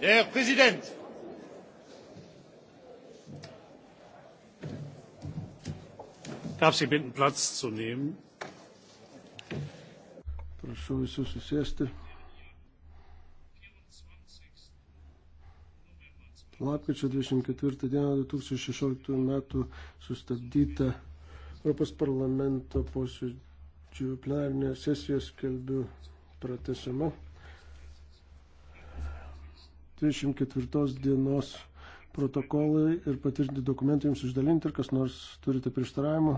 herr präsident! ich darf sie bitten platz zu nehmen. prašau visus susėsti. lapkričio dvidešimt ketvirtą dieną du tūkstančiai šešioliktųjų metų sustabdyta europos parlamento posėdžių plenarinė sesija skelbiu pratęsiama. 24 dienos protokolai ir patvirtinti dokumentai jums išdalinti ir kas nors turite prieštaravimą.